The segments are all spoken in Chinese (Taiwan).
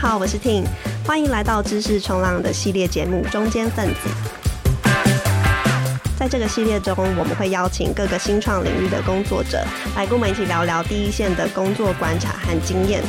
好，我是 Ting，歡迎來到知識衝浪的系列節目《中堅份子》。在這個系列中，我們會邀請各個新創領域的工作者來跟我們一起聊聊第一線的工作觀察和經驗。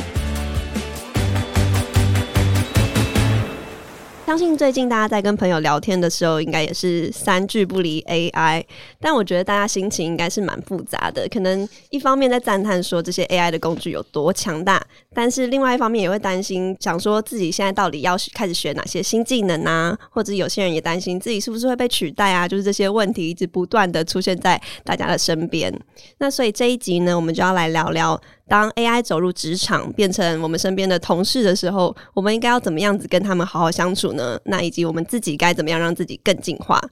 相信最近大家在跟朋友聊天的時候，應該也是三句不離 AI。但我覺得大家心情應該是蠻複雜的，可能一方面在讚嘆說這些 AI 的工具有多強大，但是另外一方面也會擔心，想說自己現在到底要開始學哪些新技能啊？或者有些人也擔心自己是不是會被取代啊？就是這些問題一直不斷的出現在大家的身邊。那所以這一集呢，我們就要來聊聊。當 AI 走入職場，變成我們身邊的同事的時候，我們應該要怎麼樣子跟他們好好相處呢？那以及我們自己該怎麼樣讓自己更進化？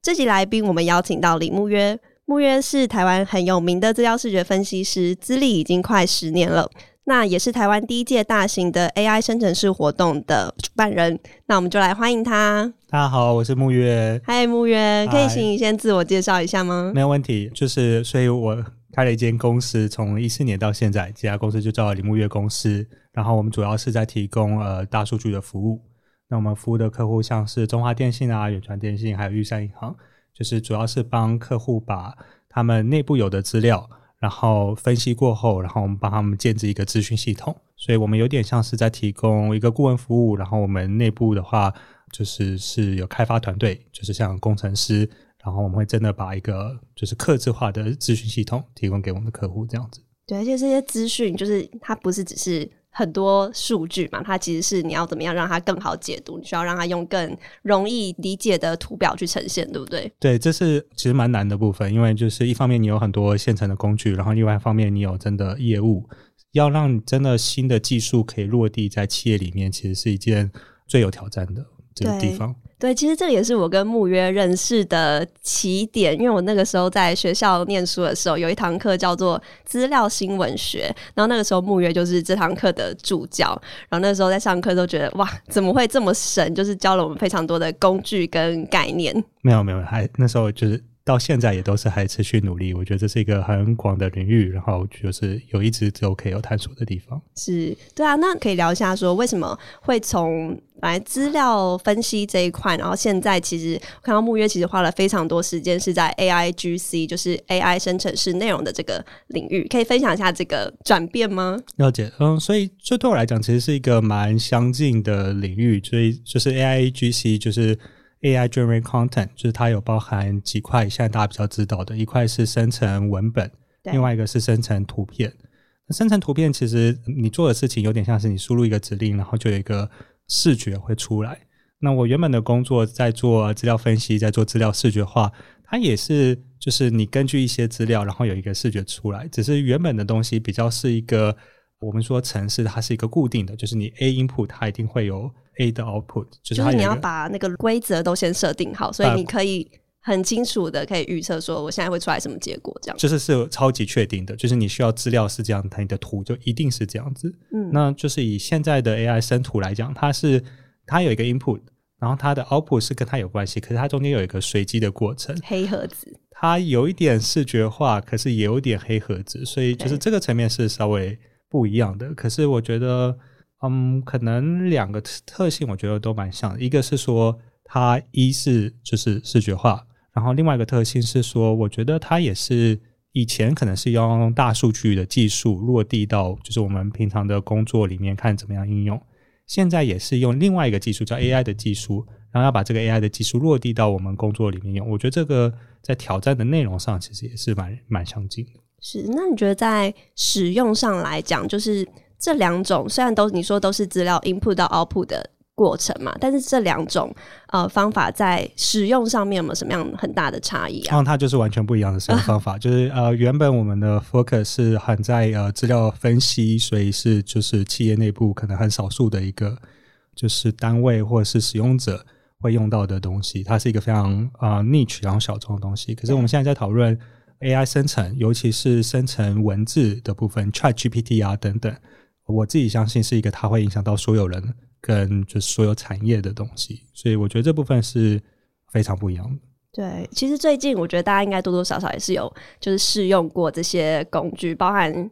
這集來賓我們邀請到李慕約。慕約是台灣很有名的資料視覺分析師，資歷已經快十年了。那也是台灣第一屆大型的 AI 生成式活動的主辦人。那我們就來歡迎他。大家好，我是慕約。嗨，慕約，Hi, 月 Hi 可以請你先自我介紹一下嗎？沒有問題，就是所以我。開了一間公司，從一四年到現在，這家公司就叫李慕約公司。然後我們主要是在提供呃大數據的服務。那我們服務的客戶像是中華電信啊、遠傳電信，還有玉山銀行，就是主要是幫客戶把他們內部有的資料，然後分析過後，然後我們幫他們建置一個資訊系統。所以我們有點像是在提供一個顧問服務。然後我們內部的話，就是是有開發團隊，就是像工程師。然後我們會真的把一個就是客製化的資訊系統提供給我們的客戶，這樣子。對，而且這些資訊就是它不是只是很多數據嘛，它其實是你要怎麼樣讓它更好解讀，你需要讓它用更容易理解的圖表去呈現，對不對？對，這是其實蠻難的部分，因為就是一方面你有很多現成的工具，然後另外一方面你有真的業務，要讓真的新的技術可以落地在企業裡面，其實是一件最有挑戰的。這個地方對，對，其實這個也是我跟慕約認識的起點，因為我那個時候在學校念書的時候，有一堂課叫做資料新聞學，然後那個時候慕約就是這堂課的助教，然後那個時候在上課都覺得哇，怎麼會這麼神？就是教了我們非常多的工具跟概念。沒有沒有，還那時候就是到現在也都是還持續努力。我覺得這是一個很廣的領域，然後就是有一直都可以有探索的地方。是，對啊，那可以聊一下說為什麼會從。來，資料分析這一塊，然後現在其實我看到慕約，其實花了非常多時間是在 AIGC，就是 AI 生成式內容的這個領域，可以分享一下這個轉變嗎？了解。嗯，所以就對我來講，其實是一個蠻相近的領域，所以就是、就是、AIGC，就是 AI Generated Content，就是它有包含幾塊，現在大家比較知道的一塊是生成文本，對另外一個是生成圖片。那生成圖片其實你做的事情有點像是你輸入一個指令，然後就有一個。視覺會出來。那我原本的工作在做資料分析，在做資料視覺化，它也是就是你根據一些資料，然後有一個視覺出來。只是原本的東西比較是一個，我們說程式它是一個固定的，就是你 A input 它一定會有 A 的 output，就，就是你要把那個規則都先設定好，所以你可以。呃很清楚的，可以預測說我現在會出來什麼結果，這樣就是是超級確定的。就是你需要資料是這樣的，那你的圖就一定是這樣子。嗯，那就是以現在的 AI 生圖來講，它是它有一個 input，然後它的 output 是跟它有關係，可是它中間有一個隨機的過程，黑盒子。它有一點視覺化，可是也有點黑盒子，所以就是這個層面是稍微不一樣的。欸、可是我覺得，嗯，可能兩個特特性我覺得都蠻像，一個是說它一是就是視覺化。然後另外一個特性是說，我覺得它也是以前可能是用大數據的技術落地到，就是我們平常的工作裡面看怎麼樣應用，現在也是用另外一個技術叫 AI 的技術，然後要把這個 AI 的技術落地到我們工作裡面用。我覺得這個在挑戰的內容上其實也是蠻蠻相近的。是，那你覺得在使用上來講，就是這兩種雖然都你說都是資料 input 到 output 的。過程嘛，但是這兩種呃方法在使用上面有沒有什麼樣很大的差異啊，嗯？它就是完全不一樣的使用方法，啊，就是呃原本我們的 focus 是很在呃資料分析，所以是就是企業內部可能很少數的一個就是單位或者是使用者會用到的東西，它是一個非常啊、呃、niche 然後小眾的東西。可是我們現在在討論 AI 生成，尤其是生成文字的部分，ChatGPT 啊等等，我自己相信是一個它會影響到所有人。跟就是所有產業的東西，所以我覺得這部分是非常不一樣的。對，其實最近我覺得大家應該多多少少也是有就是試用過這些工具，包含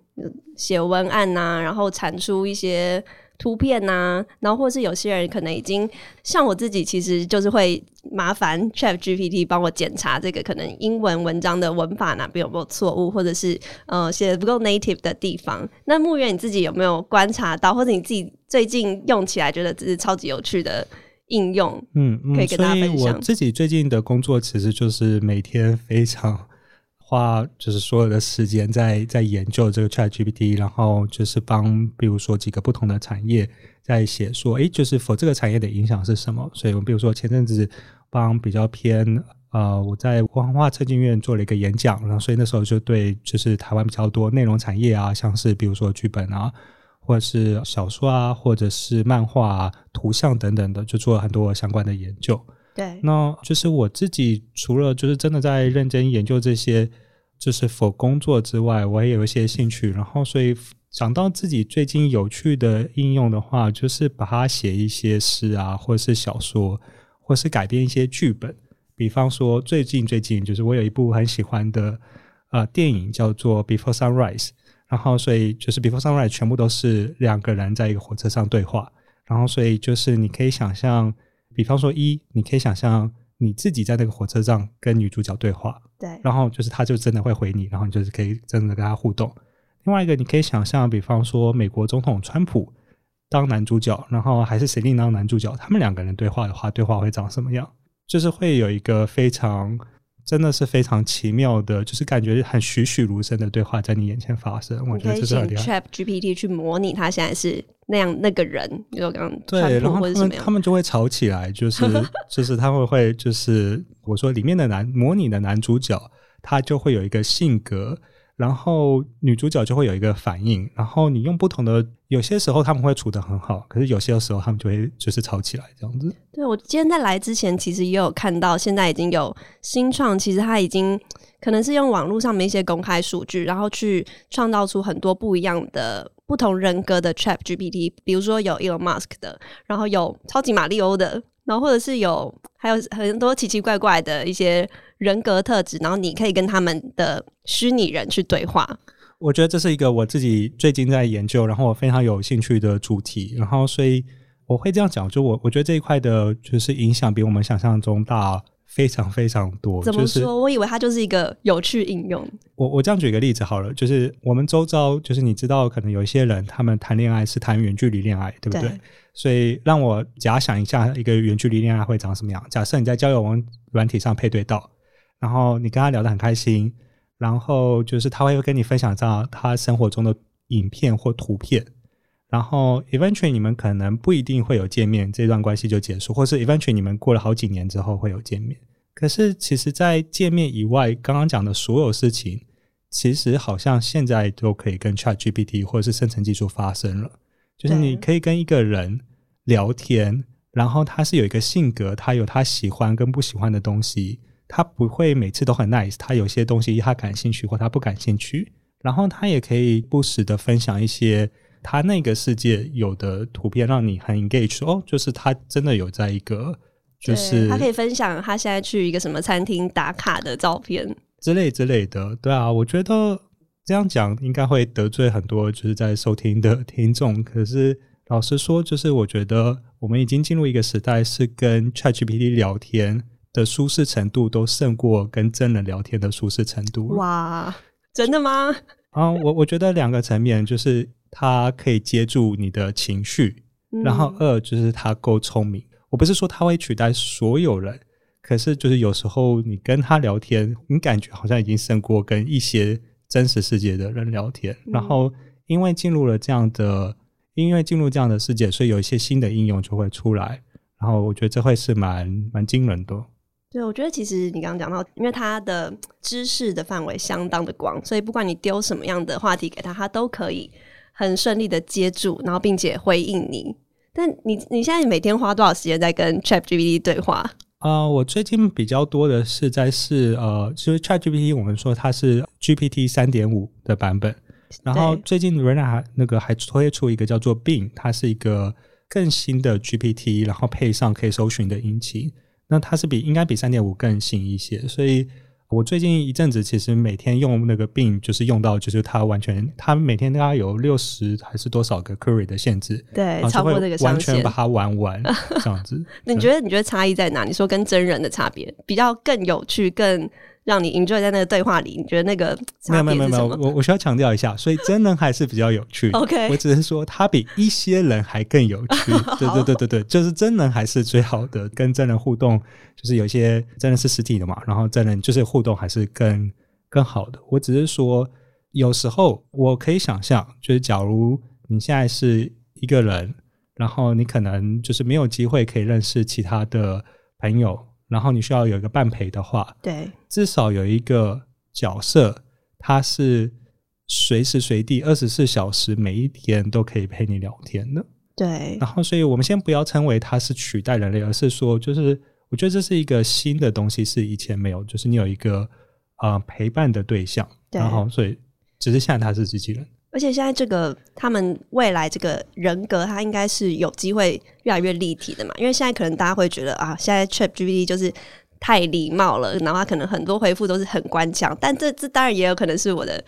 寫文案吶、啊，然後產出一些圖片吶、啊，然後或者是有些人可能已經像我自己，其實就是會麻煩 ChatGPT 幫我檢查這個可能英文文章的文法哪邊有沒有錯誤，或者是嗯寫的不夠 native 的地方。那慕約你自己有沒有觀察到，或者你自己，最近用起來覺得這是超級有趣的應用，嗯，嗯可以跟大家分享。自己最近的工作其實就是每天非常花，就是所有的時間在在研究這個 Chat GPT，然後就是幫比如說幾個不同的產業在寫說，哎、欸，就是 for 這個產業的影響是什麼？所以，我比如說前陣子幫比較偏，呃，我在文化策進院做了一個演講，然後所以那時候就對，就是台灣比較多內容產業啊，像是比如說劇本啊。或者是小說啊，或者是漫畫啊、圖像等等的，就做了很多相關的研究。對，那就是我自己除了就是真的在認真研究這些，就是否工作之外，我也有一些興趣。然後，所以想到自己最近有趣的應用的話，就是把它寫一些詩啊，或者是小說，或是改編一些劇本。比方說，最近最近，就是我有一部很喜歡的啊、呃、電影，叫做《Before Sunrise》。然後，所以就是《Before Sunrise》全部都是兩個人在一個火車上對話。然後，所以就是你可以想象，比方說一，你可以想象你自己在那個火車上跟女主角對話。對。然後就是，他就真的會回你，然後你就是可以真的跟他互動。另外一個，你可以想象，比方說美國總統川普當男主角，然後還是誰另當男主角，他們兩個人對話的話，對話會長什麼樣？就是會有一個非常。真的是非常奇妙的，就是感覺很栩栩如生的對話在你眼前發生。Okay, 我覺得這是很厲害。Chat GPT 去模擬他現在是那樣那個人，你剛對，然後他們他們就會吵起來，就是就是他會會就是我說裡面的男 模擬的男主角，他就會有一個性格。然後女主角就會有一個反應，然後你用不同的，有些時候他們會處得很好，可是有些時候他們就會就是吵起來這樣子。對，我今天在來之前，其實也有看到，現在已經有新創，其實他已經可能是用網絡上面一些公開數據，然後去創造出很多不一樣的不同人格的 ChatGPT，比如說有 Elon Musk 的，然後有超級馬里歐的，然後或者是有還有很多奇奇怪怪的一些人格特質，然後你可以跟他們的虛擬人去對話。我覺得這是一個我自己最近在研究，然後我非常有興趣的主題。然後，所以我會這樣講，就我我覺得這一塊的就是影響比我們想象中大非常非常多。怎麼說、就是、我以為它就是一個有趣應用。我我這樣舉一個例子好了，就是我們周遭，就是你知道，可能有一些人他們談戀愛是談遠距離戀愛，對不對？對。所以讓我假想一下一個遠距離戀愛會長什麼樣。假設你在交友網軟體上配對到。然後你跟他聊得很開心，然後就是他會跟你分享到他生活中的影片或圖片，然後 eventually 你們可能不一定會有見面，這段關係就結束，或是 eventually 你們過了好幾年之後會有見面。可是其實，在見面以外，剛剛講的所有事情，其實好像現在都可以跟 Chat GPT 或者是生成技術發生了，就是你可以跟一個人聊天，然後他是有一個性格，他有他喜歡跟不喜歡的東西。他不會每次都很 nice，他有些東西他感興趣或他不感興趣，然後他也可以不時的分享一些他那個世界有的圖片，讓你很 engage。哦，就是他真的有在一個，就是他可以分享他現在去一個什麼餐廳打卡的照片之類之類的。對啊，我覺得這樣講應該會得罪很多就是在收聽的聽眾。可是老實說，就是我覺得我們已經進入一個時代，是跟 ChatGPT 聊天。的舒適程度都勝過跟真人聊天的舒適程度。哇，真的嗎？啊，我我覺得兩個層面，就是它可以接住你的情緒，嗯、然後二就是他夠聰明。我不是說他會取代所有人，可是就是有時候你跟他聊天，你感覺好像已經勝過跟一些真實世界的人聊天。嗯、然後因為進入了這樣的，因為進入這樣的世界，所以有一些新的應用就會出來。然後我覺得這會是蠻蠻驚人的。對，我覺得其實你剛剛講到，因為它的知識的範圍相當的廣，所以不管你丟什麼樣的話題給他，他都可以很順利的接住，然後並且回應你。但你你現在每天花多少時間在跟 Chat GPT 對話？啊、呃，我最近比較多的是在是呃，其實 Chat GPT 我們說它是 GPT 三點五的版本，然後最近 Rena 那個還推出一個叫做 Bing，它是一個更新的 GPT，然後配上可以搜尋的引擎。那它是比應該比三點五更新一些，所以我最近一陣子其實每天用那個 Bing 就是用到，就是它完全它每天大概有六十還是多少個 query 的限制，對，啊、超過那個上限把它玩完這樣子。那你覺得你覺得差異在哪？你說跟真人的差別比較更有趣更。讓你 enjoy 在那個對話裡，你覺得那個是沒有沒有沒有，我我需要強調一下，所以真人還是比較有趣。OK， 我只是說他比一些人還更有趣。 對對對對對，就是真人還是最好的，跟真人互動就是有一些真人是實體的嘛，然後真人就是互動還是更更好的。我只是說有時候我可以想象，就是假如你現在是一個人，然後你可能就是沒有機會可以認識其他的朋友。然後你需要有一個伴陪的話，對，至少有一個角色，他是隨時隨地二十四小時每一天都可以陪你聊天的，對。然後，所以我們先不要稱為他是取代人類，而是說，就是我覺得這是一個新的東西，是以前沒有，就是你有一個、呃、陪伴的對象，對。然後所以只是現在他是機器人。而且現在這個他們未來這個人格，他應該是有機會越來越立體的嘛？因為現在可能大家會覺得啊，現在 ChatGPT 就是太禮貌了，然後他可能很多回復都是很官腔。但這這當然也有可能是我的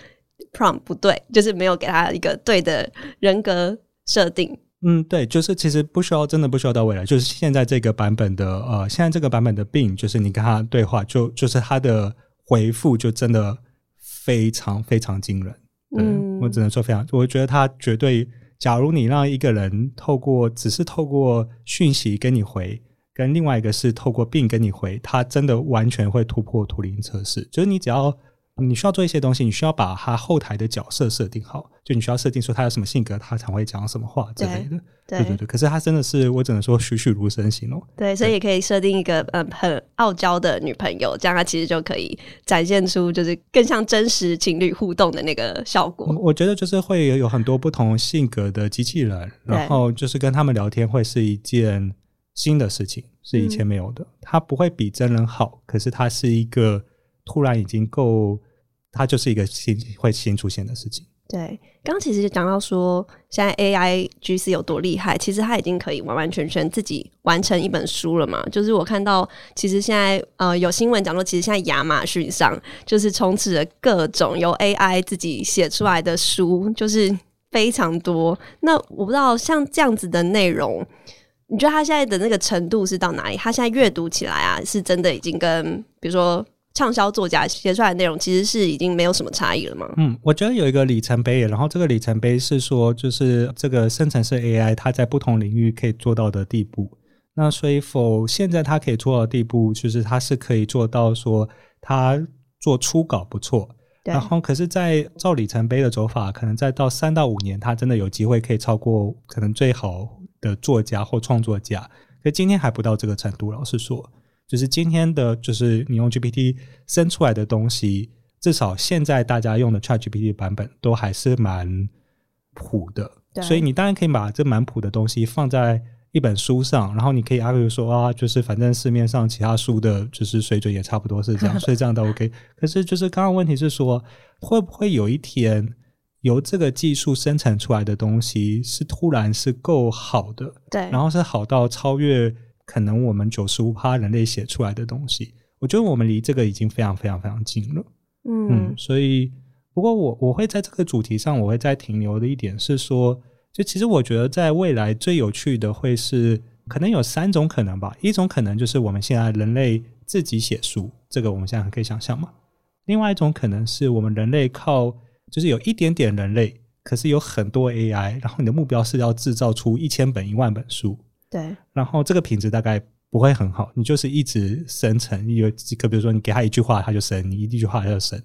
prompt 不對，就是沒有給他一個對的人格設定。嗯，對，就是其實不需要，真的不需要到未來，就是現在這個版本的呃，現在這個版本的病，就是你跟他對話就就是他的回復就真的非常非常驚人。嗯，我只能說非常，我覺得他絕對，假如你讓一個人透過只是透過訊息跟你回，跟另外一個是透過病跟你回，他真的完全會突破圖靈測試，就是你只要。你需要做一些東西，你需要把他後台的角色設定好，就你需要設定說他有什麼性格，他才會講什麼話之類的。對對，對對對。可是他真的是，我只能說栩栩如生型哦。對，對所以也可以設定一個嗯很傲嬌的女朋友，這樣他其實就可以展現出就是更像真實情侶互動的那個效果。我，我覺得就是會有很多不同性格的機器人，然後就是跟他們聊天會是一件新的事情，是以前沒有的。嗯，他不會比真人好，可是他是一個。突然已經夠，它就是一個新會新出現的事情。對，剛剛其實就講到說，現在 AIGC 有多厲害，其實它已經可以完完全全自己完成一本書了嘛。就是我看到，其實現在呃有新聞講說，其實現在亞馬遜上就是充斥着各種由 AI 自己寫出來的書，就是非常多。那我不知道像這樣子的內容，你覺得它現在的那個程度是到哪裡？它現在閱讀起來啊，是真的已經跟比如說。暢銷作家寫出來的內容其實是已經沒有什麼差異了嗎？嗯，我覺得有一個里程碑，然後這個里程碑是說，就是這個生成式 AI 它在不同領域可以做到的地步。那所以，否現在它可以做到的地步，就是它是可以做到說，它做初稿不錯，對然後可是，在照里程碑的走法，可能再到三到五年，它真的有機會可以超過可能最好的作家或創作家，可是今天還不到這個程度，老實說。就是今天的，就是你用 GPT 生出來的東西，至少現在大家用的 ChatGPT 版本都還是蠻普的，對所以你當然可以把這蠻普的東西放在一本書上，然後你可以 argue 說啊，就是反正市面上其他書的，就是水準也差不多是這樣，所以這樣都 OK。 可是就是剛剛問題是說，會不會有一天由這個技術生成出來的東西是突然是夠好的，對，然後是好到超越。可能我們九十五趴人類寫出來的東西，我覺得我們離這個已經非常非常非常近了。嗯，嗯，所以不過我我會在這個主題上我會再停留的一點是說，就其實我覺得在未來最有趣的會是可能有三種可能吧，一種可能就是我們現在人類自己寫書，這個我們現在可以想象嘛。另外一種可能是我們人類靠就是有一點點人類，可是有很多 AI，然後你的目標是要製造出一千本一萬本書。對，然後這個品質大概不會很好，你就是一直生成，有可比如說你給他一句話，他就生，你一句話他就生。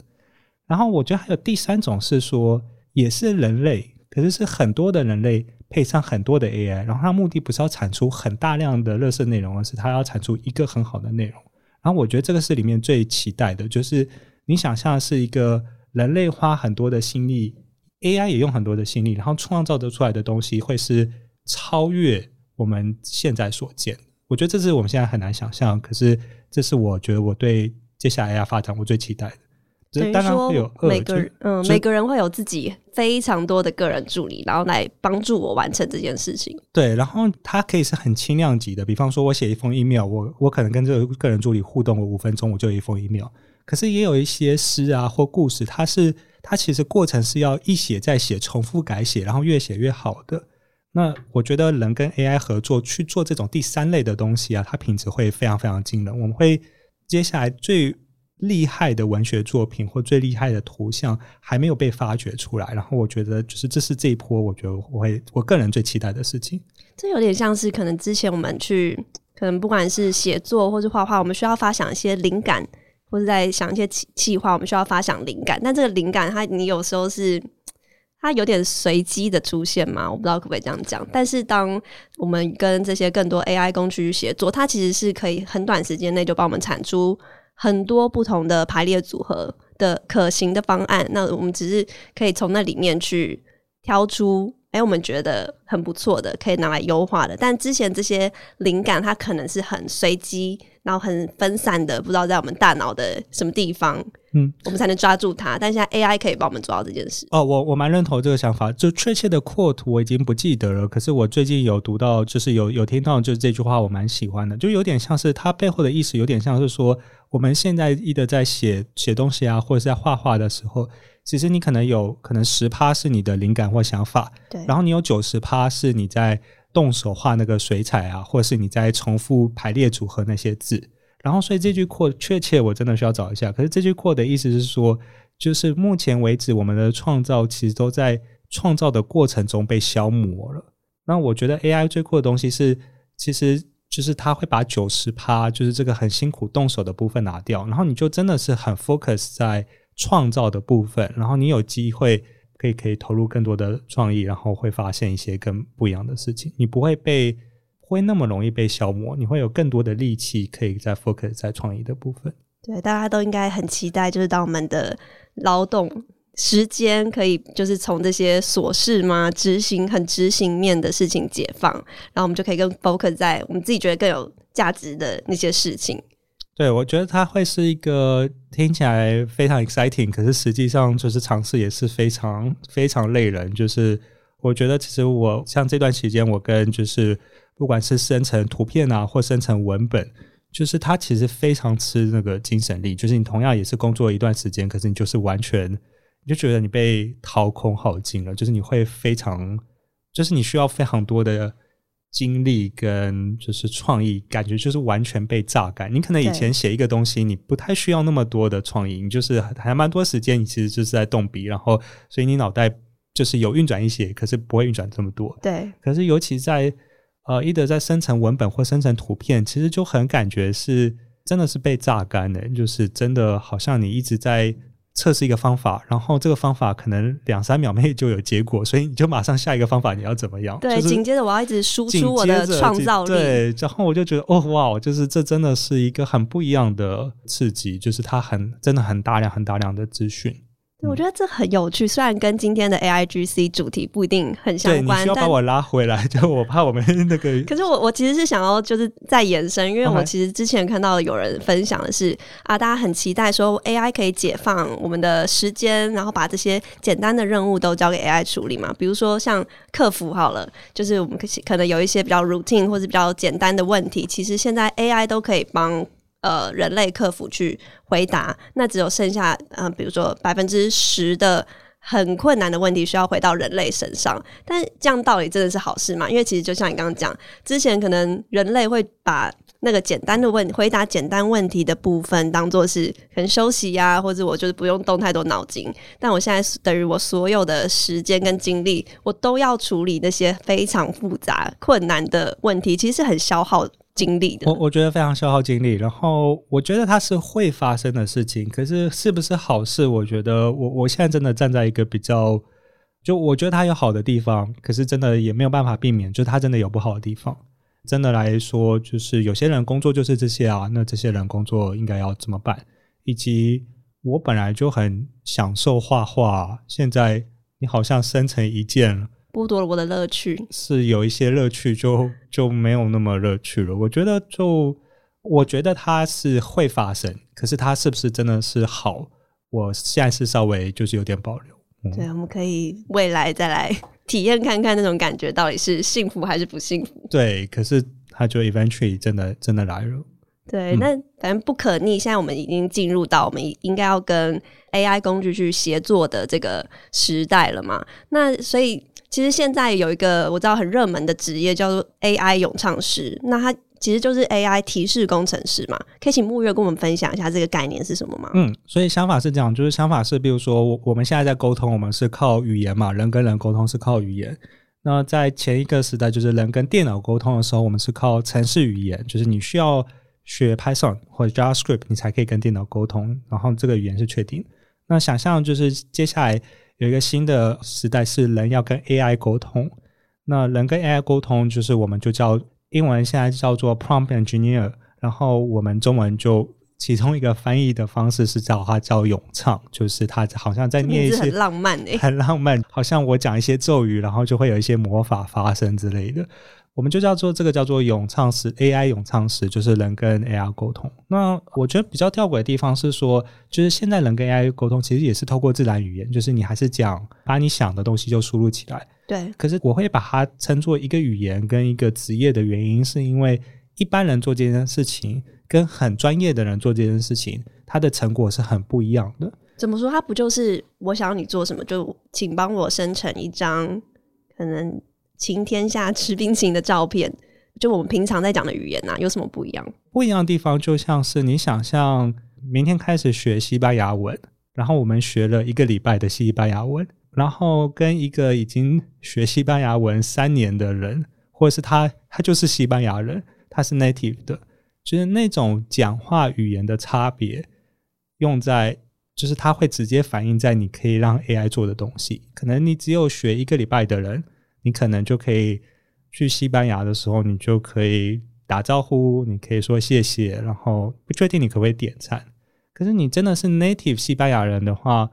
然後我覺得還有第三種是說，也是人類，可是是很多的人類配上很多的 AI，然後它目的不是要產出很大量的垃圾內容，而是它要產出一個很好的內容。然後我覺得這個是裡面最期待的，就是你想象是一個人類花很多的心力，AI 也用很多的心力，然後創造得出來的東西會是超越。我們現在所見，我覺得這是我們現在很難想象。可是，這是我覺得我對接下來要發展我最期待的。這當然會有，每個人，就，嗯，每個人會有自己非常多的個人助理，然後來幫助我完成這件事情。對，然後它可以是很輕量級的，比方說我寫一封 email，我我可能跟這個個人助理互動我五分鐘，我就一封 email。可是也有一些詩啊或故事，它是它其實過程是要一寫再寫，重複改寫，然後越寫越好的。那我覺得人跟 AI 合作去做這種第三類的東西啊，它品質會非常非常驚人。我們會接下來最厲害的文學作品或最厲害的圖像還沒有被發掘出來，然後我覺得就是這是這一波，我覺得我會我個人最期待的事情。這有點像是可能之前我們去，可能不管是寫作或是畫畫，我們需要發想一些靈感，或者在想一些企劃，我們需要發想靈感。但這個靈感，它你有時候是。它有點隨機的出現嘛，我不知道可不可以這樣講。但是當我們跟這些更多 AI 工具去協作，它其實是可以很短時間內就幫我們產出很多不同的排列組合的可行的方案。那我們只是可以從那裡面去挑出。哎、欸，我們覺得很不錯的，可以拿來優化的。但之前這些靈感，它可能是很隨機，然後很分散的，不知道在我們大腦的什麼地方，嗯，我們才能抓住它。但現在 AI 可以幫我們做到這件事。哦，我我蠻認同這個想法。就確切的擴圖，我已經不記得了。可是我最近有讀到，就是有有聽到，就是這句話，我蠻喜歡的。就有點像是它背後的意思，有點像是說，我們現在一直在寫寫東西啊，或者是在畫畫的時候。其實你可能有可能十趴是你的靈感或想法，對然後你有九十趴是你在動手畫那個水彩啊，或者是你在重複排列組合那些字，然後所以這句 quote 確切我真的需要找一下。可是這句 quote 的意思是說，就是目前為止我們的創造其實都在創造的過程中被消磨了。那我覺得 AI 最酷的東西是，其實就是它會把九十趴就是這個很辛苦動手的部分拿掉，然後你就真的是很 focus 在。創造的部分，然後你有機會可以可以投入更多的創意，然後會發現一些更不一樣的事情。你不會被不會那麼容易被消磨，你會有更多的力氣可以在 focus 在創意的部分。對，大家都應該很期待，就是當我們的勞動時間可以就是從這些瑣事嘛，執行很執行面的事情解放，然後我們就可以更 focus 在我們自己覺得更有價值的那些事情。對，我覺得他會是一個聽起來非常 exciting，可是實際上就是嘗試也是非常非常累人。就是我覺得其實我像這段時間，我跟就是不管是生成圖片啊，或生成文本，就是它其實非常吃那個精神力。就是你同樣也是工作一段時間，可是你就是完全你就覺得你被掏空耗盡了。就是你會非常，就是你需要非常多的。精力跟就是創意，感覺就是完全被榨乾。你可能以前寫一個東西，對你不太需要那麼多的創意，你就是還蠻多時間，你其實就是在動筆，然後所以你腦袋就是有運轉一些，可是不會運轉這麼多。對，可是尤其在呃，一直在生成文本或生成圖片，其實就很感覺是真的是被榨乾的，就是真的好像你一直在。測試一個方法，然後這個方法可能兩三秒內就有結果，所以你就馬上下一個方法，你要怎麼樣？對，緊接着我要一直輸出我的創造力。對，然後我就覺得，哦，哇，就是這真的是一個很不一樣的刺激，就是它很，真的很大量、很大量的資訊。對，我覺得這很有趣，雖然跟今天的 A I G C 主題不一定很相關，但你需要把我拉回來，就我怕我們那個。 可是我我其實是想要就是再延伸，因為我其實之前看到有人分享的是 Okay. 啊，大家很期待說 A I 可以解放我們的時間，然後把這些簡單的任務都交給 A I 處理嘛，比如說像客服好了，就是我們可能有一些比較 routine 或者比較簡單的問題，其實現在 A I 都可以幫。呃，人類客服去回答，那只有剩下呃，比如說百分之十的很困難的問題需要回到人類身上。但這樣到底真的是好事嗎？因為其實就像你剛剛講，之前可能人類會把那個簡單的問題、回答簡單問題的部分當做是可能休息呀、啊，或者我就是不用動太多腦筋。但我現在是等於我所有的時間跟精力，我都要處理那些非常複雜、困難的問題，其實是很消耗。精力的，我我覺得非常消耗精力。然後我覺得它是會發生的事情，可是是不是好事？我覺得我我現在真的站在一個比較，就我覺得它有好的地方，可是真的也沒有辦法避免，就它真的有不好的地方。真的來說，就是有些人工作就是這些啊，那這些人工作應該要怎麼辦？以及我本來就很享受畫畫，現在你好像生成一件了。剝奪了我的樂趣，是有一些樂趣就就沒有那麼樂趣了。我覺得就，就我覺得它是會發生，可是它是不是真的是好？我現在是稍微就是有點保留。嗯、對，我們可以未來再來體驗看看那種感覺到底是幸福還是不幸福。對，可是它就 eventually 真的真的來了。對，嗯、那反正不可逆。現在我們已經進入到我們應該要跟 AI 工具去協作的這個時代了嘛？那所以。其實現在有一個我知道很熱門的職業叫做 AI 詠唱師，那它其實就是 AI 提示工程師嘛，可以請慕約跟我們分享一下這個概念是什麼嗎？嗯，所以想法是這樣，就是想法是，比如說我我們現在在溝通，我們是靠語言嘛，人跟人溝通是靠語言。那在前一個時代，就是人跟電腦溝通的時候，我們是靠程式語言，就是你需要學 Python 或者 JavaScript，你才可以跟電腦溝通。然後這個語言是確定。那想象就是接下來。有一個新的時代是人要跟 AI 溝通，那人跟 AI 溝通就是我們就叫英文現在叫做 Prompt Engineer，然後我們中文就其中一個翻譯的方式是叫它叫詠唱，就是它好像在念一些很浪漫，很浪漫，好像我講一些咒語，然後就會有一些魔法發生之類的。我們就叫做這個叫做“詠唱師 AI 詠唱師”，就是人跟 AI 溝通。那我覺得比較吊詭的地方是說，就是現在人跟 AI 溝通，其實也是透過自然語言，就是你還是講把你想的東西就輸入起來。對。可是我會把它稱作一個語言跟一個職業的原因，是因為一般人做這件事情，跟很專業的人做這件事情，它的成果是很不一樣的。怎麼說？它不就是我想你做什麼，就請幫我生成一張可能。晴天下吃冰淇淋的照片，就我們平常在講的語言吶、啊，有什麼不一樣？不一樣的地方就像是你想象，明天開始學西班牙文，然後我們學了一個禮拜的西班牙文，然後跟一個已經學西班牙文三年的人，或者是他，他就是西班牙人，他是 native 的，就是那種講話語言的差別，用在就是它會直接反映在你可以讓 AI 做的東西，可能你只有學一個禮拜的人。你可能就可以去西班牙的時候，你就可以打招呼，你可以說謝謝，然後不確定你可不可以點餐。可是你真的是 native 西班牙人的話，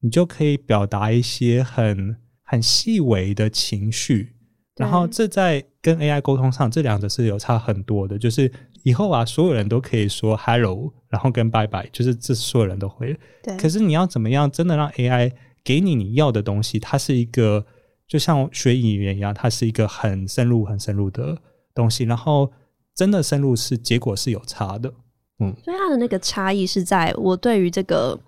你就可以表達一些很很細微的情緒。對然後這在跟 AI 溝通上，這兩者是有差很多的。就是以後啊，所有人都可以說 hello，然後跟拜拜，就是這所有人都會。對可是你要怎麼樣真的讓 AI 給你你要的東西？它是一個。就像學語言一樣，它是一個很深入、很深入的東西。然後，真的深入是結果是有差的，嗯。所以它的那個差異是在我對於這個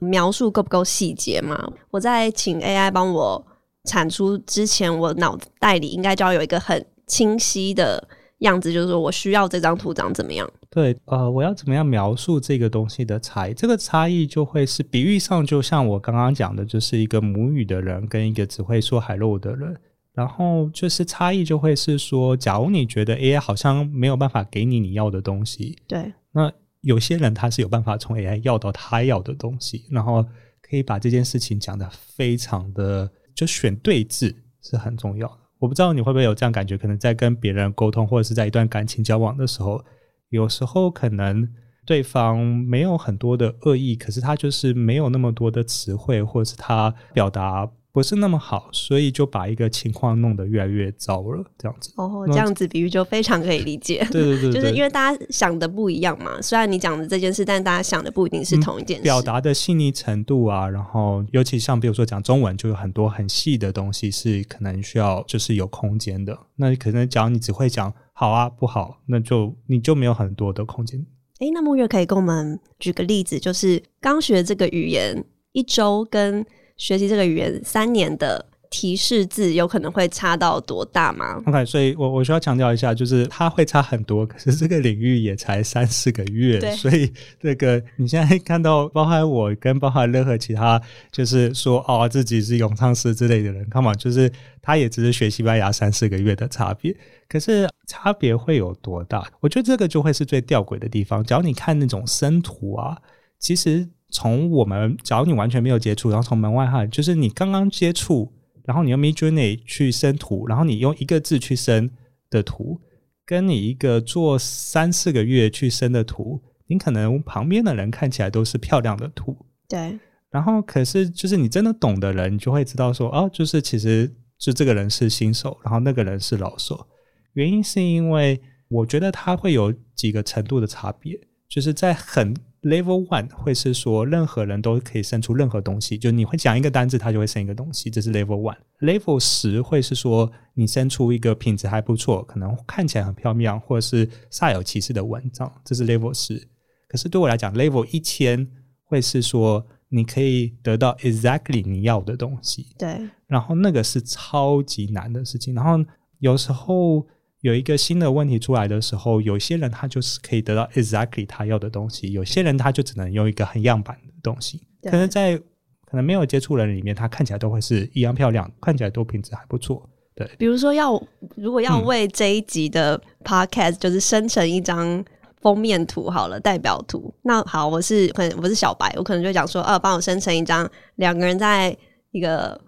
描述夠不夠細節嘛？我在請 AI 幫我產出之前，我腦袋裡應該就要有一個很清晰的。樣子就是說我需要這張圖長怎麼樣？對，呃，我要怎麼樣描述這個東西的差異？這個差異就會是比喻上，就像我剛剛講的，就是一個母語的人跟一個只會說 Hello 的人，然後就是差異就會是說，假如你覺得 AI 好像沒有辦法給你你要的東西，對，那有些人他是有辦法從 AI 要到他要的東西，然後可以把這件事情講得非常的，就選對字是很重要的。我不知道你會不會有這樣感覺，可能在跟別人溝通，或者是在一段感情交往的時候，有時候可能對方沒有很多的惡意，可是他就是沒有那麼多的詞彙，或者是他表達。不是那麼好，所以就把一個情況弄得越來越糟了，這樣子。哦，這樣子比喻就非常可以理解。對對對，對， 就是因為大家想的不一樣嘛。雖然你講的這件事，但大家想的不一定是同一件事，嗯。表達的細膩程度啊，然後尤其像比如說講中文，就有很多很細的東西是可能需要就是有空間的。那你可能講，你只會講好啊不好，那就你就沒有很多的空間。誒、欸，那慕約可以跟我們舉個例子，就是剛學這個語言一周跟。學習這個語言三年的提示字，有可能會差到多大嗎？Okay，所以我我需要強調一下，就是它會差很多。可是這個領域也才三四個月，對所以這個你現在看到，包含我跟包含任何其他，就是說哦自己是詠唱師之類的人，看嘛，就是他也只是學西班牙三四個月的差別，可是差別會有多大？我覺得這個就會是最吊詭的地方。只要你看那種生圖啊，其實。從我們，只要你完全沒有接觸，然後從門外漢，就是你剛剛接觸，然後你用 Midjourney 去生圖，然後你用一個字去生的圖，跟你一個做三四個月去生的圖，你可能旁邊的人看起來都是漂亮的圖，對。然後可是就是你真的懂的人你就會知道說，哦，就是其實就這個人是新手，然後那個人是老手，原因是因為我覺得他會有幾個程度的差別，就是在很。1 Level one 會是說任何人都可以生出任何東西，就你會講一個單字，它就會生一個東西，這是 Level one。Level 十會是說你生出一個品質還不錯，可能看起來很漂亮或者是煞有其事的文章，這是 Level 十。可是對我來講對，Level 一千會是說你可以得到 exactly 你要的東西，對，然後那個是超級難的事情。然後有時候。有一個新的問題出來的時候，有些人他就是可以得到 exactly 他要的東西，有些人他就只能用一個很樣板的東西。對可能在可能沒有接觸人裡面，他看起來都會是一樣漂亮，看起來都品質還不錯。對，比如說要如果要為這一集的 podcast、嗯、就是生成一張封面圖好了，代表圖。那好，我是可能我是小白，我可能就講說，哦、啊，幫我生成一張兩個人在一個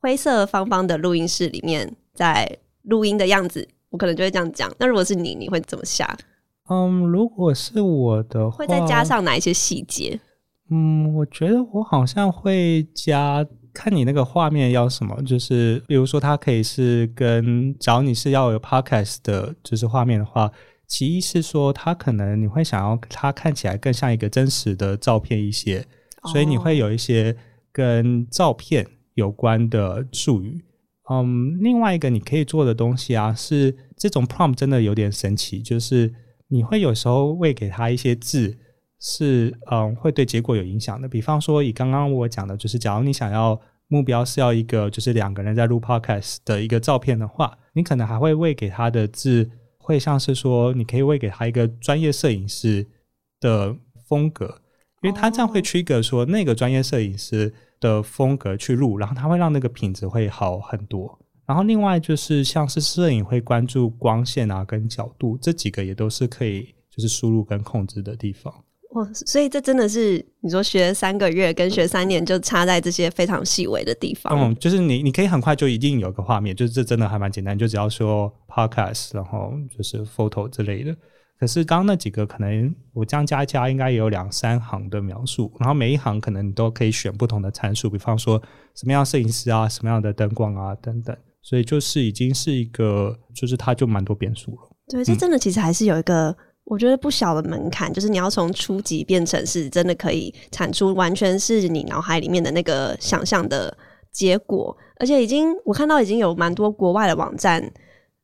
灰色方方的錄音室裡面在錄音的樣子。我可能就會這樣講。那如果是你，你會怎麼下？嗯，um, 如果是我的話，會再加上哪一些細節？嗯，我覺得我好像會加看你那個畫面要什麼，就是比如說，它可以是跟找你是要有 podcast 的，就是畫面的話，其一是說，它可能你會想要它看起來更像一個真實的照片一些，Oh. 所以你會有一些跟照片有關的術語。嗯，另外一個你可以做的東西啊，是這種 prompt 真的有點神奇，就是你會有時候餵給他一些字，是嗯會對結果有影響的。比方說，以剛剛我講的，就是假如你想要目標是要一個就是兩個人在錄 podcast 的一個照片的話，你可能還會餵給他的字會像是說，你可以餵給他一個專業攝影師的風格，因為他這樣會 trigger 說那個專業攝影師。的風格去錄，然後它會讓那個品質會好很多。然後另外就是像是攝影會關注光線啊跟角度這幾個也都是可以就是輸入跟控制的地方。哇，所以這真的是你說學三個月跟學三年就差在這些非常細微的地方。嗯，就是你你可以很快就一定有一個畫面，就是這真的還蠻簡單，就只要說 podcast，然後就是 photo 之類的。可是剛剛那幾個可能，我這樣加加加應該也有兩三行的描述，然後每一行可能你都可以選不同的參數，比方說什麼樣的攝影師啊、什麼樣的燈光啊等等，所以就是已經是一個，就是它就蠻多變數了。對，這真的其實還是有一個我覺得不小的門檻，嗯、就是你要從初級變成是真的可以產出完全是你腦海裡面的那個想象的結果，而且已經我看到已經有蠻多國外的網站。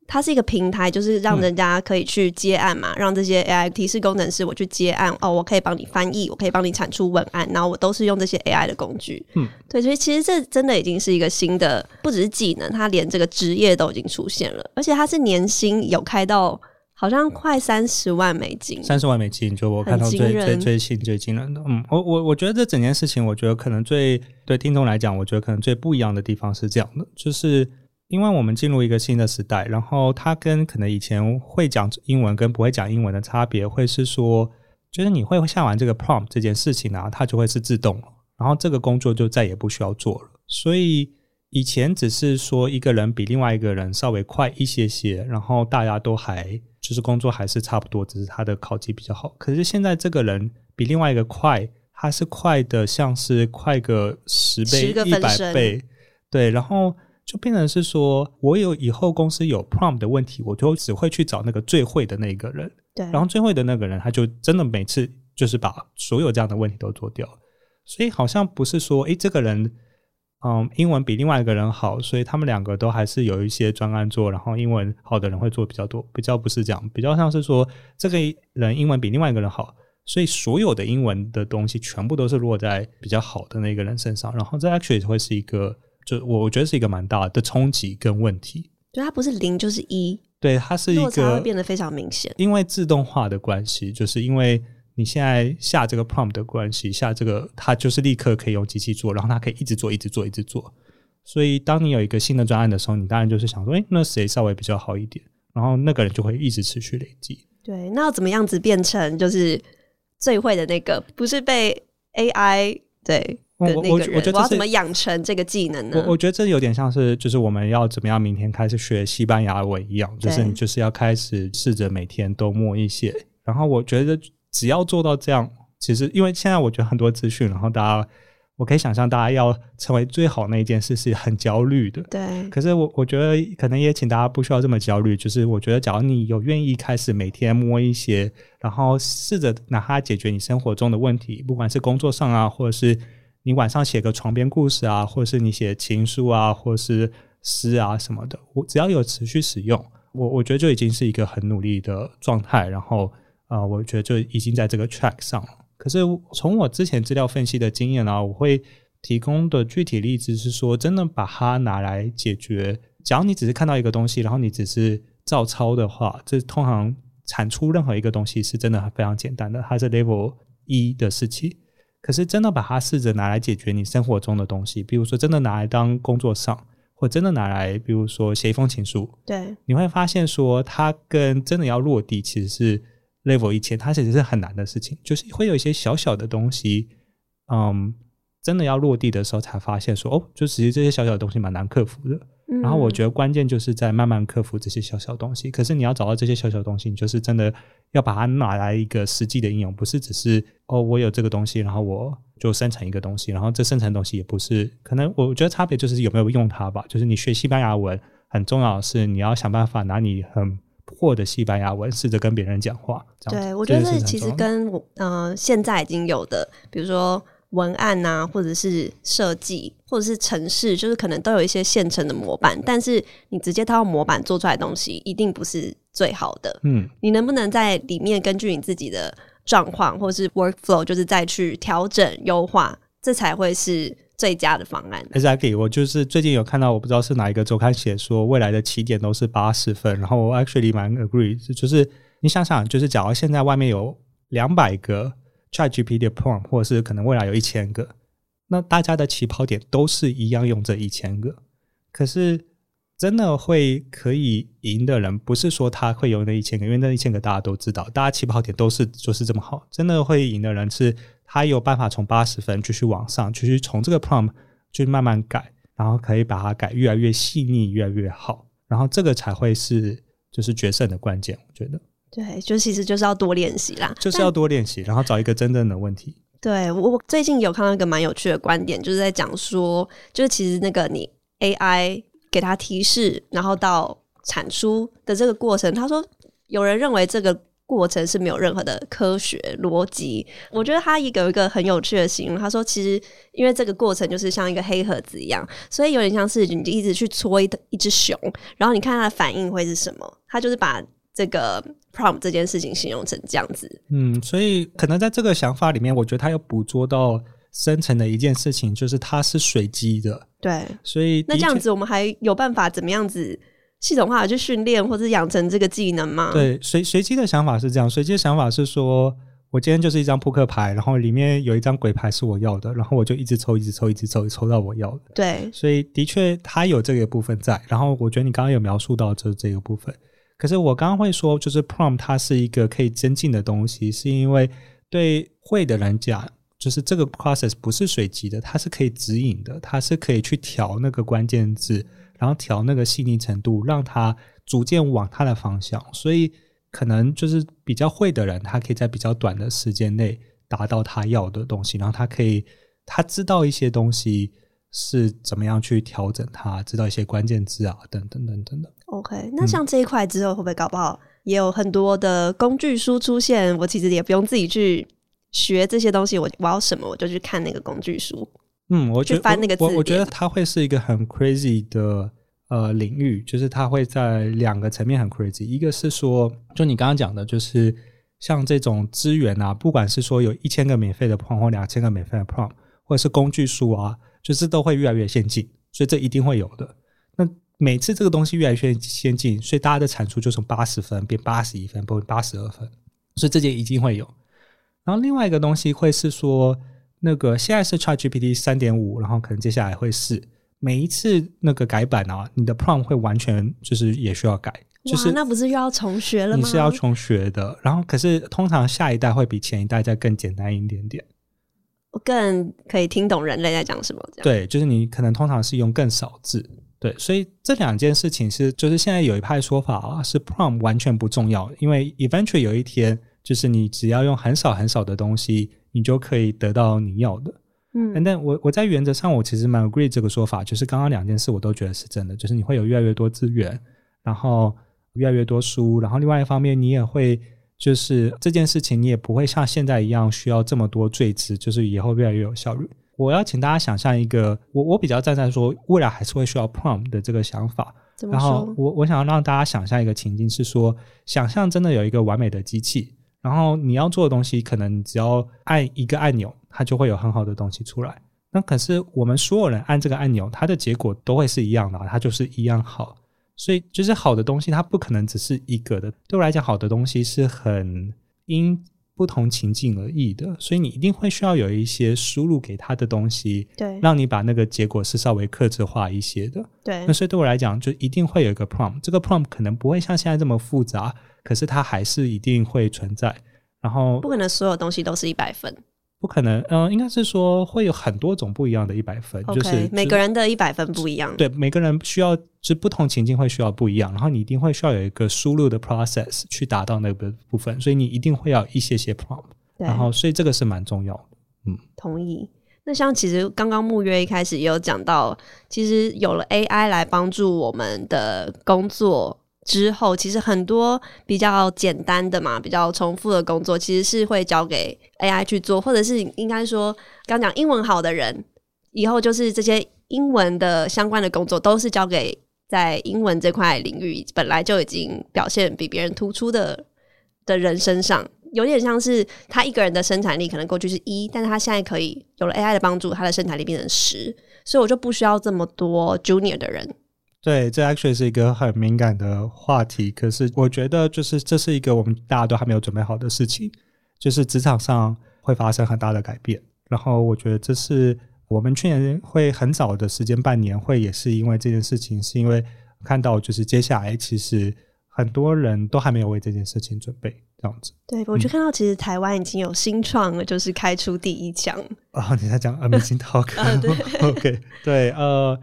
它是一個平台，就是讓人家可以去接案嘛，嗯、讓這些 AI 提示功能，是我去接案哦，我可以幫你翻譯，我可以幫你產出文案，然後我都是用這些 AI 的工具。嗯，對，所以其實這真的已經是一個新的，不只是技能，它連這個職業都已經出現了，而且它是年薪有開到好像快三十萬美金，三十、嗯、萬美金，就我看到最最最新最驚人的。嗯，我我我覺得這整件事情，我覺得可能最對聽眾來講，我覺得可能最不一樣的地方是這樣的，就是。因為我們進入一個新的時代，然後它跟可能以前會講英文跟不會講英文的差別，會是說，就是你會下完這個 prompt 這件事情呢、啊，它就會是自動了，然後這個工作就再也不需要做了。所以以前只是說一個人比另外一個人稍微快一些些，然後大家都還就是工作還是差不多，只是他的考級比較好。可是現在這個人比另外一個快，他是快的，像是快個十倍、一百倍，對，然後。就變成是說，我有以後公司有 prompt 的問題，我就只會去找那個最會的那個人。對。然後最會的那個人，他就真的每次就是把所有這樣的問題都做掉。所以好像不是說，誒這個人，嗯，英文比另外一個人好，所以他們兩個都還是有一些專案做，然後英文好的人會做比較多，比較不是這樣，比較像是說，這個人英文比另外一個人好，所以所有的英文的東西全部都是落在比較好的那個人身上，然後這 actually 會是一個。就我我覺得是一個蠻大的衝擊跟問題，對，它,不是零就是一，對，它是一個變得非常明顯，因為自動化的關係，就是因為你現在下這個 prompt 的關係，下這個它就是立刻可以用機器做，然後它可以一直做，一直做，一直做。所以當你有一個新的專案的時候，你當然就是想說，哎、欸，那誰稍微比較好一點？然後那個人就會一直持續累積。對，那要怎麼樣子變成就是最會的那個？不是被 AI 對？我我我覺得我要怎麼養成這個技能呢？我我覺得這有點像是，就是我們要怎麼樣明天開始學西班牙文一樣，就是你就是要開始試着每天都摸一些。對然後我覺得只要做到這樣，其實因為現在我覺得很多資訊，然後大家，我可以想象大家要成為最好那一件事是很焦慮的。對，可是我我覺得可能也請大家不需要這麼焦慮。就是我覺得假如你有願意開始每天摸一些，然後試着拿它解決你生活中的問題，不管是工作上啊，或者是。你晚上寫個床邊故事啊，或者是你寫情書啊，或者是詩啊什麼的，我只要有持續使用，我我覺得就已經是一個很努力的狀態。然後，啊、呃，我覺得就已經在這個 track 上了。可是從我之前資料分析的經驗啊，我會提供的具體例子是說，真的把它拿來解決。只要你只是看到一個東西，然後你只是照抄的話，這通常產出任何一個東西是真的非常簡單的，它是 level 一的事情。可是真的把它試着拿來解決你生活中的東西，比如說真的拿來當工作上，或真的拿來比如說寫一封情書，對，你會發現說它跟真的要落地其實是 level 一千，它其實是很難的事情，就是會有一些小小的東西，嗯，真的要落地的時候才發現說哦，就其實這些小小的東西蠻難克服的。然後我覺得關鍵就是在慢慢克服這些小小東西。嗯、可是你要找到這些小小東西，你就是真的要把它拿來一個實際的應用，不是只是哦，我有這個東西，然後我就生成一個東西，然後這生成東西也不是。可能我覺得差別就是有沒有用它吧。就是你學西班牙文很重要的是，你要想辦法拿你很破的西班牙文試着跟別人講話。對，我覺得是，這是其實跟嗯、呃、現在已經有的，比如說文案啊，或者是設計。或者是城市，就是可能都有一些現成的模板，但是你直接套模板做出來的東西，一定不是最好的。嗯，你能不能在裡面根據你自己的狀況，或者是 workflow，就是再去調整優化，這才會是最佳的方案。Exactly，我就是最近有看到，我不知道是哪一個週刊寫說未來的起點都是八十分，然後我 actually 蠻 agree，就是你想想，就是假如現在外面有兩百個 ChatGPT 的 prompt，或者是可能未來有一千個。那大家的起跑點都是一樣，用這一千個，可是真的會可以贏的人，不是說他會有那一千個，因為那一千個大家都知道，大家起跑點都是就是這麼好。真的會贏的人是他有辦法從八十分繼續往上，繼續從這個 prompt 去慢慢改，然後可以把它改越來越細膩，越來越好，然後這個才會是就是決勝的關鍵，我覺得。對，就其實就是要多練習啦，就是要多練習，但然後找一個真正的問題。對，我最近有看到一個蠻有趣的觀點，就是在講說，就是其實那個你 AI 給它提示，然後到產出的這個過程，他說有人認為這個過程是沒有任何的科學邏輯。我覺得他一個有一個很有趣的形容，他說其實因為這個過程就是像一個黑盒子一樣，所以有點像是你就一直去戳一一隻熊，然後你看它的反應會是什麼，他就是把。這個 prompt 這件事情形容成這樣子，嗯，所以可能在這個想法裡面，我覺得他有捕捉到深層的一件事情，就是它是隨機的。對，所以那這樣子，我們還有辦法怎麼樣子系統化的去訓練或者養成這個技能嗎？對，隨隨機的想法是這樣，隨機的想法是說我今天就是一張撲克牌，然後裡面有一張鬼牌是我要的，然後我就一直抽，一直抽，一直抽，一直抽到我要的。對，所以的確，它有這個部分在。然後我覺得你剛剛有描述到這這個部分。可是我剛剛會說，就是 prompt 它是一個可以增進的東西，是因為對會的人講，就是這個 process 不是隨機的，它是可以指引的，它是可以去調那個關鍵字，然後調那個細膩程度，讓它逐漸往它的方向。所以可能就是比較會的人，他可以在比較短的時間內達到他要的東西，然後他可以他知道一些東西是怎麼樣去調整它，知道一些關鍵字啊，等等等等的。OK，那像這一塊之後，嗯，會不會搞不好也有很多的工具書出現？我其實也不用自己去學這些東西，我我要什麼我就去看那個工具書。嗯，我去翻那個我。我我覺得它會是一個很 crazy 的呃領域，就是它會在兩個層面很 crazy。一個是說，就你剛剛講的，就是像這種資源啊，不管是說有一千個免費的 prompt，或兩千個免費的 prompt，或者是工具書啊，就是都會越來越先進，所以這一定會有的。那每次這個東西越來越先進，所以大家的產出就從八十分變八十一分，不八十二分。所以這些一定會有。然後另外一個東西會是說，那個現在是 ChatGPT 三點五，然後可能接下來會是每一次那個改版啊，你的 prompt 會完全就是也需要改。哇，那不是又要重學了嗎？你是要重學的。然後可是通常下一代會比前一代再更簡單一點點，我更可以聽懂人類在講什麼。對，就是你可能通常是用更少字。對，所以這兩件事情是，就是現在有一派說法啊，是 Prompt 完全不重要的，因為 eventually 有一天，就是你只要用很少很少的東西，你就可以得到你要的。嗯，但我我在原則上我其實蠻 agree 這個說法，就是剛剛兩件事我都覺得是真的，就是你會有越來越多資源，然後越來越多書，然後另外一方面你也會，就是這件事情你也不會像現在一樣需要這麼多贅字，就是以後越來越有效率。我要請大家想象一個，我我比較站在說未來還是會需要 prompt、um、的這個想法。然後我我想要讓大家想象一個情境是說，想象真的有一個完美的機器，然後你要做的東西可能只要按一個按鈕，它就會有很好的東西出來。那可是我們所有人按這個按鈕，它的結果都會是一樣的，它就是一樣好。所以就是好的東西，它不可能只是一個的。對我來講，好的東西是很因，不同情境而異的，所以你一定會需要有一些輸入給他的東西，對，讓你把那個結果是稍微客製化一些的，對。那所以對我來講，就一定會有一個 prompt，這個 prompt 可能不會像現在這麼複雜，可是它還是一定會存在。然後，不可能所有東西都是一百分。不可能，嗯，應該是說會有很多種不一樣的一百分，okay, 就是每個人的一百分不一樣。對，每個人需要、就是不同情境會需要不一樣，然後你一定會需要有一個輸入的 process 去達到那個部分，所以你一定會要一些些 prompt，對然後所以這個是蠻重要的，嗯。同意。那像其實剛剛慕約一開始也有講到，其實有了 AI 來幫助我們的工作之後，其實很多比較簡單的嘛，比較重複的工作，其實是會交給 AI 去做，或者是應該說，剛講英文好的人，以後就是這些英文的相關的工作，都是交給在英文這塊領域本來就已經表現比別人突出的的人身上，有點像是他一個人的生產力可能過去是一，但是他現在可以有了 AI 的幫助，他的生產力變成十，所以我就不需要這麼多 junior 的人。對，這 actually 是一個很敏感的話題。可是我覺得，就是這是一個我們大家都還沒有準備好的事情，就是職場上會發生很大的改變。然後我覺得，這是我們去年會很早的時間辦年會，也是因為這件事情，是因為看到就是接下來其實很多人都還沒有為這件事情準備這樣子。對，我就看到，其實台灣已經有新創了，嗯、就是開出第一槍哦、啊，你在講啊，AmazingTalker、啊、OK，對呃。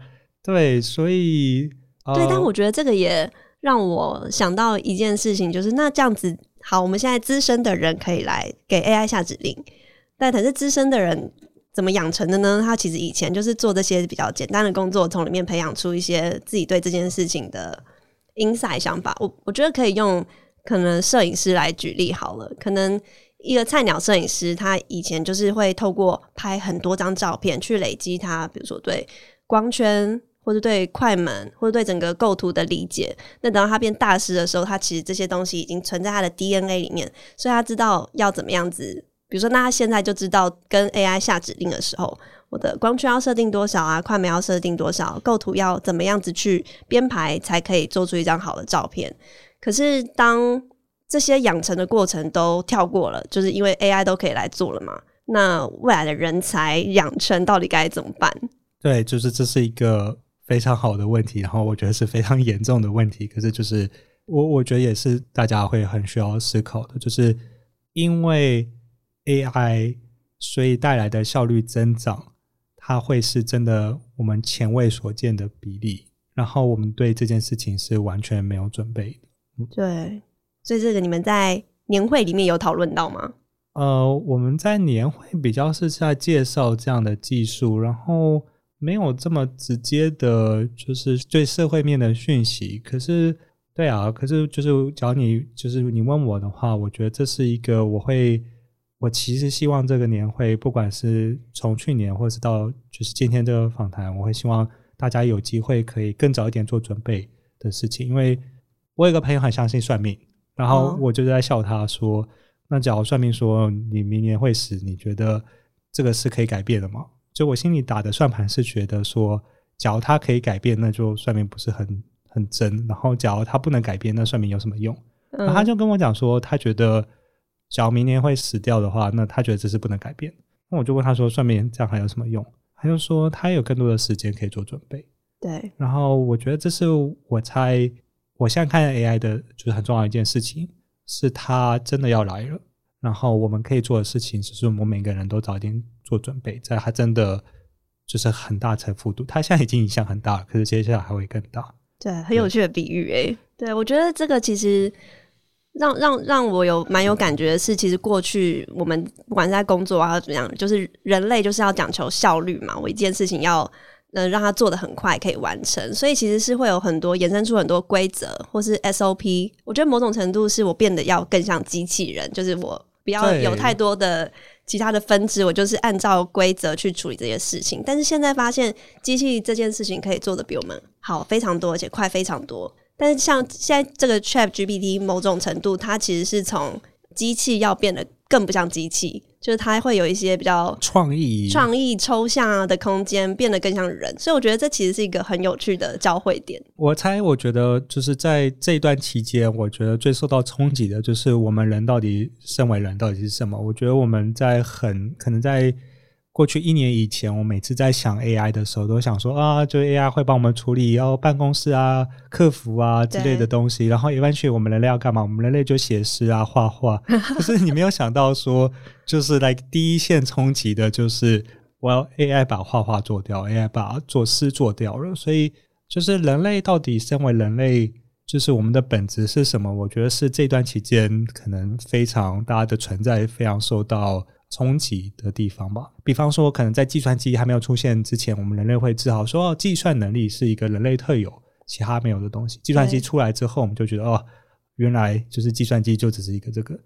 對，所以對，但我覺得這個也讓我想到一件事情，就是那這樣子好，我們現在資深的人可以來給 AI 下指令，但可是資深的人怎麼養成的呢？他其實以前就是做這些比較簡單的工作，從裡面培養出一些自己對這件事情的 insight 想法。我我覺得可以用可能攝影師來舉例好了，可能一個菜鳥攝影師，他以前就是會透過拍很多張照片去累積他，比如說對光圈。或者對快門，或者對整個構圖的理解，那等到他變大師的時候，他其實這些東西已經存在他的 DNA 裡面，所以他知道要怎麼樣子。比如說，那他現在就知道跟 AI 下指令的時候，我的光圈要設定多少啊，快門要設定多少，構圖要怎麼樣子去編排，才可以做出一張好的照片。可是，當這些養成的過程都跳過了，就是因為 AI 都可以來做了嘛。那未來的人才養成到底該怎麼辦？對，就是這是一個。非常好的問題，然後我覺得是非常嚴重的問題。可是就是我，我覺得也是大家會很需要思考的，就是因為 AI，所以帶來的效率增長，它會是真的我們前所未見的比例，然後我們對這件事情是完全沒有準備的。對，所以這個你們在年會裡面有討論到嗎？呃，我們在年會比較是在介紹這樣的技術，然後。沒有這麼直接的，就是對社會面的訊息。可是，對啊，可是就是，只要你就是你問我的話，我覺得這是一個我會，我其實希望這個年會，不管是從去年或是到就是今天這個訪談，我會希望大家有機會可以更早一點做準備的事情。因為我有個朋友很相信算命，然後我就在笑他說：“嗯、那假如算命說你明年會死，你覺得這個是可以改變的嗎？”所以我心裡打的算盤是覺得說，假如它可以改變，那就算命不是很很真。然後，假如它不能改變，那算命有什麼用？嗯。然後他就跟我講說，他覺得，假如明年會死掉的話，那他覺得這是不能改變。那我就問他說，算命這樣還有什麼用？他就說他有更多的時間可以做準備。對。然後我覺得這是我猜，我現在看 AI 的就是很重要一件事情，是他真的要來了。然後我們可以做的事情，只是我們每個人都早點做準備。在它真的就是很大程度，它現在已經影響很大，可是接下來還會更大。對，很有趣的比喻，欸，哎對，對，我覺得這個其實讓讓讓我有蠻有感覺的是，其實過去我們不管是在工作啊或者怎麼樣，就是人類就是要講求效率嘛，我一件事情要能讓它做得很快可以完成，所以其實是會有很多衍生出很多規則或是 SOP。我覺得某種程度是我變得要更像機器人，就是我。不要有太多的其他的分支，對我就是按照規則去處理這些事情。但是現在發現，機器這件事情可以做的比我們好非常多，而且快非常多。但是像現在這個 ChatGPT，某種程度它其實是從。機器要變得更不像機器，就是它會有一些比較創意、創意抽象的空間，變得更像人。所以我覺得這其實是一個很有趣的交會點。我猜，我覺得就是在這一段期間，我覺得最受到衝擊的就是我們人到底身為人到底是什麼？我覺得我們在很可能在。過去一年以前，我每次在想 AI 的時候，都想說啊，就 AI 會幫我們處理要、哦、辦公室啊、客服啊之類的東西。對然後，一般去我們人類要幹嘛？我們人類就寫詩啊、畫畫。 可是你沒有想到說，就是來、like、第一線衝擊的，就是我要 AI 把畫畫做掉，AI 把做詩做掉了。所以，就是人類到底身為人類，就是我們的本質是什麼？我覺得是這段期間可能非常大家的存在，非常受到。衝擊的地方吧，比方說，可能在計算機還沒有出現之前，我們人類會自豪說，哦、計算能力是一個人類特有、其他沒有的東西。計算機出來之後，我們就覺得哦，原來就是計算機就只是一個這個。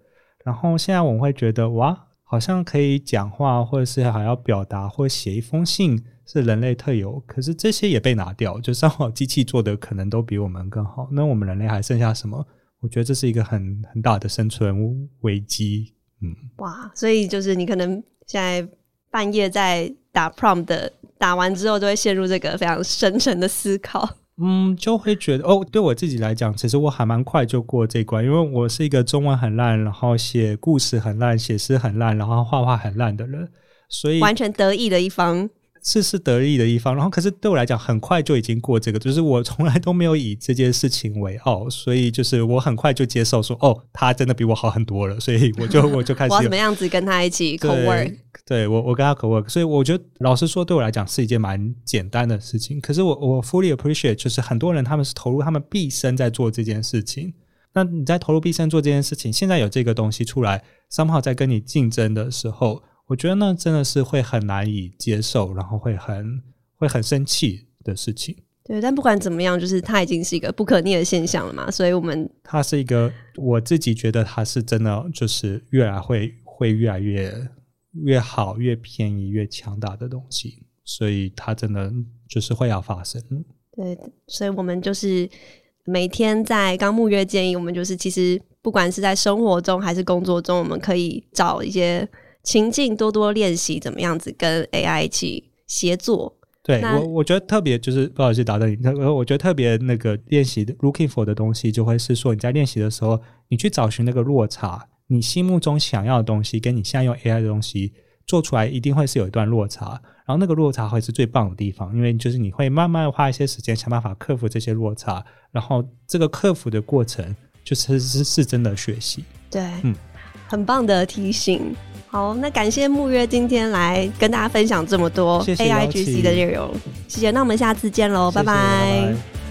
然後現在我們會覺得哇，好像可以講話，或者是還要表達，或寫一封信是人類特有，可是這些也被拿掉，就剛好機器做的可能都比我們更好。那我們人類還剩下什麼？我覺得這是一個很很大的生存危機。嗯、哇，所以就是你可能現在半夜在打 prompt 的，打完之後就會陷入這個非常深沉的思考。嗯，就會覺得哦，對我自己來講，其實我還蠻快就過這關，因為我是一個中文很爛，然後寫故事很爛，寫詩很爛，然後畫畫很爛的人，所以完全得意的一方。是是得意的一方，然後可是對我來講，很快就已經過這個，就是我從來都沒有以這件事情為傲，所以就是我很快就接受說，哦，他真的比我好很多了，所以我就我就開始我怎 麼樣子跟他一起 co-work，對，作對我我跟他 co-work，所以我覺得老實說，對我來講是一件蠻簡單的事情，可是我我 fully appreciate，就是很多人他們是投入他們畢生在做這件事情，那你在投入畢生做這件事情，現在有這個東西出來，somehow 在跟你競爭的時候。我覺得呢，真的是會很難以接受，然後會很會很生氣的事情。對，但不管怎麼樣，就是它已經是一個不可逆的現象了嘛，所以我們，它是一個我自己覺得它是真的，就是越來會會越來越越好，越便宜越強大的東西，所以它真的就是會要發生。對，所以我們就是每天在剛慕約建議，我們就是其實不管是在生活中還是工作中，我們可以找一些。情境，多多練習，怎麼樣子跟 AI 一起協作？對，那我，我覺得特別就是不好意思打斷你，我覺得特別那個練習的 Looking for 的東西，就會是說你在練習的時候，你去找尋那個落差，你心目中想要的東西，跟你現在用 AI 的東西做出來，一定會是有一段落差。然後那個落差會是最棒的地方，因為就是你會慢慢花一些時間想辦法克服這些落差，然後這個克服的過程就是是是真的學習。對，嗯，很棒的提醒。好，那感謝慕約今天來跟大家分享這麼多 AIGC 的內容，謝謝，謝謝。那我們下次見嘍，謝謝拜拜。拜拜。